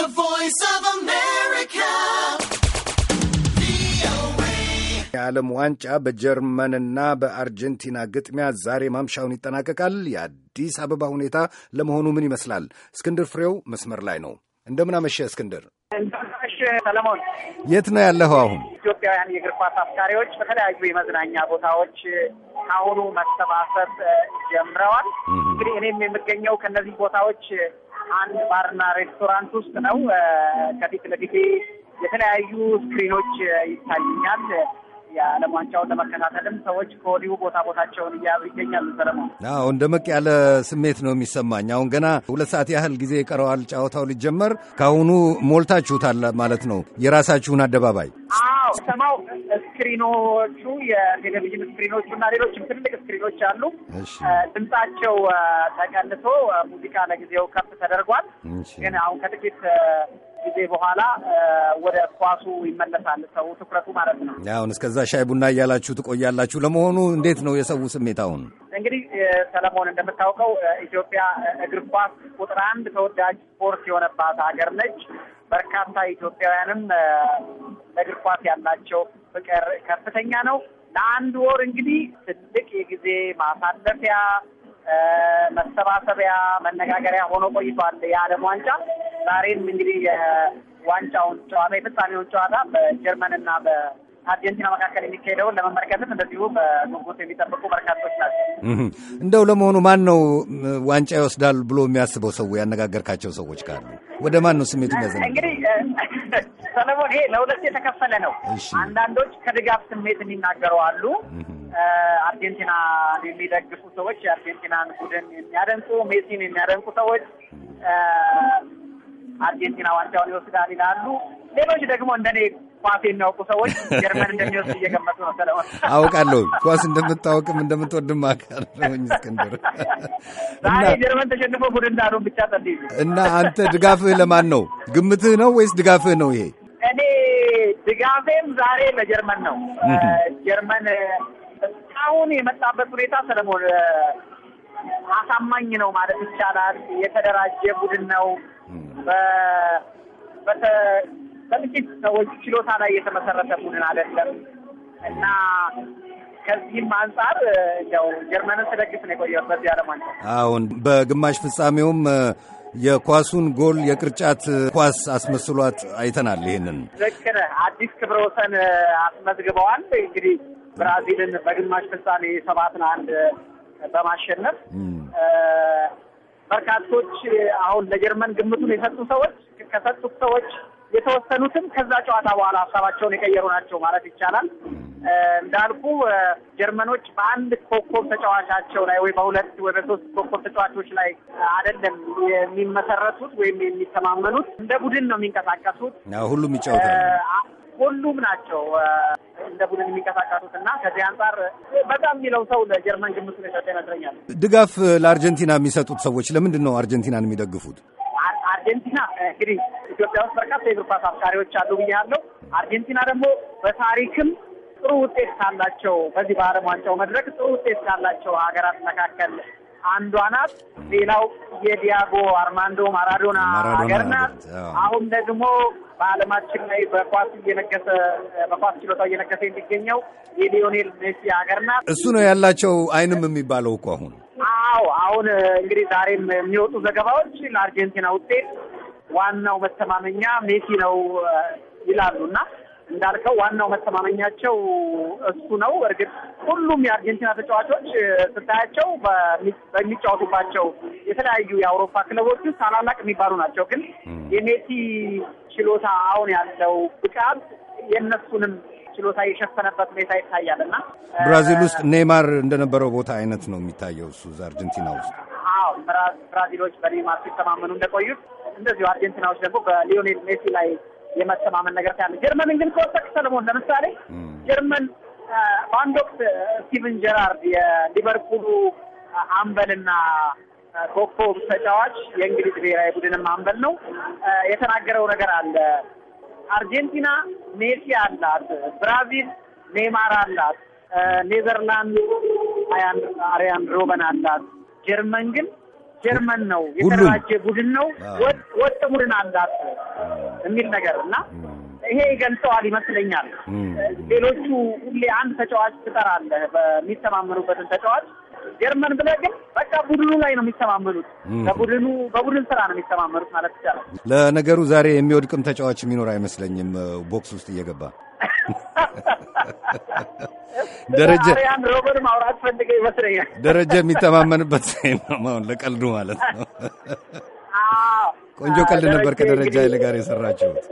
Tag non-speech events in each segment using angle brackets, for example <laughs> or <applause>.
The Voice of America. የዓለም ዋንጫ በጀርመንና በአርጀንቲና ግጥሚያ ዛሬ ማምሻውን ይጠናቀቃል። የአዲስ አበባ ሁኔታ ለመሆኑ ምን ይመስላል? እስክንድር ፍሬው መስመር ላይ ነው። እንደምን አመሸ እስክንድር። ሰለሞን የት ነው ያለኸው አሁን? ኢትዮጵያውያን የእግር ኳስ አፍቃሪዎች በተለያዩ የመዝናኛ ቦታዎች አሁኑ መሰባሰብ ጀምረዋል። እንግዲህ እኔም የምገኘው ከእነዚህ ቦታዎች አንድ ባርና ሬስቶራንት ውስጥ ነው። ከፊት ለፊቴ የተለያዩ ስክሪኖች ይታይኛል። የዓለም ዋንጫውን ለመከታተልም ሰዎች ከወዲሁ ቦታ ቦታቸውን እያያዙ ይገኛሉ። ሰለሞን፣ አዎ ደመቅ ያለ ስሜት ነው የሚሰማኝ። አሁን ገና ሁለት ሰዓት ያህል ጊዜ ይቀረዋል ጨዋታው ሊጀመር። ከአሁኑ ሞልታችሁታል ማለት ነው የራሳችሁን አደባባይ። አዎ ሰማው ስክሪኖቹ የቴሌቪዥን ስክሪኖቹ እና ሌሎችም ትልቅ ስክሪኖች አሉ። ድምጻቸው ተቀንሶ ሙዚቃ ለጊዜው ከፍ ተደርጓል። ግን አሁን ከጥቂት ጊዜ በኋላ ወደ ኳሱ ይመለሳል ሰው ትኩረቱ ማለት ነው። አሁን እስከዛ ሻይ ቡና እያላችሁ ትቆያላችሁ። ለመሆኑ እንዴት ነው የሰው ስሜት? አሁን እንግዲህ ሰለሞን፣ እንደምታውቀው ኢትዮጵያ እግር ኳስ ቁጥር አንድ ተወዳጅ ስፖርት የሆነባት ሀገር ነች። በርካታ ኢትዮጵያውያንም ለእግር ኳስ ያላቸው ፍቅር ከፍተኛ ነው። ለአንድ ወር እንግዲህ ትልቅ የጊዜ ማሳለፊያ መሰባሰቢያ፣ መነጋገሪያ ሆኖ ቆይቷል የዓለም ዋንጫ። ዛሬም እንግዲህ የዋንጫውን ጨዋታ የፍጻሜውን ጨዋታ በጀርመንና በ አርጀንቲና መካከል የሚካሄደውን ለመመልከትም እንደዚሁ በጉጉት የሚጠብቁ በርካቶች ናቸው። እንደው ለመሆኑ ማን ነው ዋንጫ ይወስዳል ብሎ የሚያስበው ሰው ያነጋገርካቸው ሰዎች ካሉ ወደ ማን ነው ስሜቱ የሚያዘነ? እንግዲህ ሰለሞን፣ ይሄ ለሁለት የተከፈለ ነው። አንዳንዶች ከድጋፍ ስሜት የሚናገሩ አሉ። አርጀንቲና የሚደግፉ ሰዎች፣ የአርጀንቲናን ቡድን የሚያደንቁ፣ ሜሲን የሚያደንቁ ሰዎች አርጀንቲና ዋንጫውን ይወስዳል ይላሉ። ሌሎች ደግሞ እንደኔ ኳስ የሚያውቁ ሰዎች ጀርመን እንደሚወስድ እየገመቱ ነው። ሰለሞን <laughs> አውቃለሁ፣ ኳስ እንደምታወቅም እንደምትወድም እስክንድር <laughs> ዛሬ ጀርመን ተሸንፎ ቡድን ዳሩ ብቻ ጸልዩ እና አንተ ድጋፍህ ለማን ነው? ግምትህ ነው ወይስ ድጋፍህ ነው ይሄ? እኔ ድጋፌም ዛሬ ለጀርመን ነው። ጀርመን እስካሁን የመጣበት ሁኔታ ሰለሞን አሳማኝ ነው ማለት ይቻላል። የተደራጀ ቡድን ነው በጥቂት ሰዎች ችሎታ ላይ የተመሰረተ ቡድን አይደለም እና ከዚህም አንጻር ያው ጀርመንን ስደግፍ ነው የቆየሁት በዚህ ዓለም ዋንጫ። አሁን በግማሽ ፍጻሜውም የኳሱን ጎል የቅርጫት ኳስ አስመስሏት አይተናል። ይህንን ልክ ነህ። አዲስ ክብረ ወሰን አስመዝግበዋል። እንግዲህ ብራዚልን በግማሽ ፍጻሜ ሰባት አንድ በማሸነፍ በርካቶች አሁን ለጀርመን ግምቱን የሰጡ ሰዎች ከሰጡት ሰዎች የተወሰኑትም ከዛ ጨዋታ በኋላ ሀሳባቸውን የቀየሩ ናቸው ማለት ይቻላል። እንዳልኩ ጀርመኖች በአንድ ኮከብ ተጫዋቻቸው ላይ ወይ በሁለት ወይ በሶስት ኮከብ ተጫዋቾች ላይ አይደለም የሚመሰረቱት ወይም የሚተማመኑት። እንደ ቡድን ነው የሚንቀሳቀሱት። ሁሉም ይጫወታሉ። ሁሉም ናቸው እንደ ቡድን የሚንቀሳቀሱት እና ከዚህ አንጻር በጣም የሚለው ሰው ለጀርመን ግምት ሰጠ ይመስለኛል። ድጋፍ ለአርጀንቲና የሚሰጡት ሰዎች ለምንድን ነው አርጀንቲናን የሚደግፉት? ኢትዮጵያ ውስጥ በርካታ የእግር ኳስ አፍቃሪዎች አሉ ብዬ ያለው አርጀንቲና ደግሞ በታሪክም ጥሩ ውጤት ካላቸው በዚህ በዓለም ዋንጫው መድረክ ጥሩ ውጤት ካላቸው ሀገራት መካከል አንዷ ናት። ሌላው የዲያጎ አርማንዶ ማራዶና ሀገር ናት። አሁን ደግሞ በዓለማችን ላይ በኳስ እየነገሰ በኳስ ችሎታ እየነገሰ የሚገኘው የሊዮኔል ሜሲ ሀገር ናት። እሱ ነው ያላቸው አይንም የሚባለው እኮ አሁን አዎ አሁን እንግዲህ ዛሬም የሚወጡ ዘገባዎች ለአርጀንቲና ውጤት ዋናው መተማመኛ ሜሲ ነው ይላሉ እና እንዳልከው ዋናው መተማመኛቸው እሱ ነው። እርግጥ ሁሉም የአርጀንቲና ተጫዋቾች ስታያቸው በሚጫወቱባቸው የተለያዩ የአውሮፓ ክለቦች ውስጥ ታላላቅ የሚባሉ ናቸው። ግን የሜሲ ችሎታ አሁን ያለው ብቃት የእነሱንም ችሎታ የሸፈነበት ሁኔታ ይታያል እና ብራዚል ውስጥ ኔይማር እንደነበረው ቦታ አይነት ነው የሚታየው እሱ አርጀንቲና ውስጥ። አዎ ብራዚሎች በኔይማር ሲተማመኑ እንደቆዩት እንደዚሁ አርጀንቲናዎች ደግሞ በሊዮኔል ሜሲ ላይ የመተማመን ነገር ታያለ። ጀርመንን ግን ከወሰቅ ሰለሞን ለምሳሌ ጀርመን በአንድ ወቅት ስቲቨን ጀራርድ የሊቨርፑሉ አምበልና ኮከብ ተጫዋች የእንግሊዝ ብሔራዊ ቡድንም አምበል ነው የተናገረው ነገር አለ። አርጀንቲና ሜሲ አላት፣ ብራዚል ኔይማር አላት፣ ኔዘርላንድ አሪያን ሮበን አላት። ጀርመን ግን ጀርመን ነው የተደራጀ ቡድን ነው ወጥ ቡድን አላት የሚል ነገር እና ይሄ ይገልጸዋል ይመስለኛል። ሌሎቹ ሁሌ አንድ ተጫዋች ትጠራለህ በሚተማመኑበትን ተጫዋች ጀርመን ብለ ግን በቃ ቡድኑ ላይ ነው የሚተማመኑት። በቡድኑ በቡድን ስራ ነው የሚተማመኑት ማለት ይቻላል። ለነገሩ ዛሬ የሚወድቅም ተጫዋች የሚኖር አይመስለኝም ቦክስ ውስጥ እየገባ ደረጀ ያን ማውራት ፈልገ ይመስለኛል። ደረጀ የሚተማመንበት ነው ለቀልዱ ማለት ነው። ቆንጆ ቀልድ ነበር ከደረጃ ኃይሌ ጋር የሰራችሁት።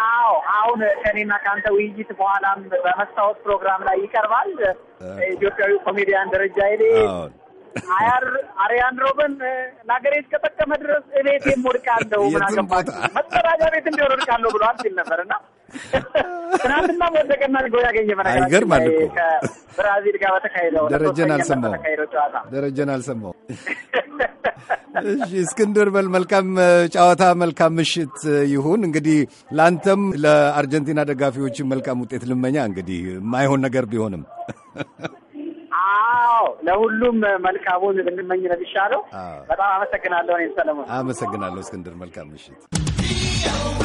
አዎ አሁን ከኔና ከአንተ ውይይት በኋላም በመስታወት ፕሮግራም ላይ ይቀርባል። ኢትዮጵያዊ ኮሜዲያን ደረጃ ኃይሌ አያር አሪያን ሮብን ለሀገሬ እስከጠቀመ ድረስ እቤት የምወድቃለሁ ምናገባ መጠራጃ ቤት እንዲሆን ወድቃለሁ ብሏል ሲል ነበር እና ትናንትና ወደቀና አድርገው ያገኘ አይገርማል እኮ ከብራዚል ጋር በተካሄደው ደረጀን አልሰማሁም ደረጀን አልሰማሁም። እሺ እስክንድር በል መልካም ጨዋታ፣ መልካም ምሽት ይሁን። እንግዲህ ለአንተም ለአርጀንቲና ደጋፊዎች መልካም ውጤት ልመኛ። እንግዲህ የማይሆን ነገር ቢሆንም አዎ ለሁሉም መልካሙን ብንመኝ ነው የሚሻለው። በጣም አመሰግናለሁ። እኔ ሰለሞን አመሰግናለሁ። እስክንድር መልካም ምሽት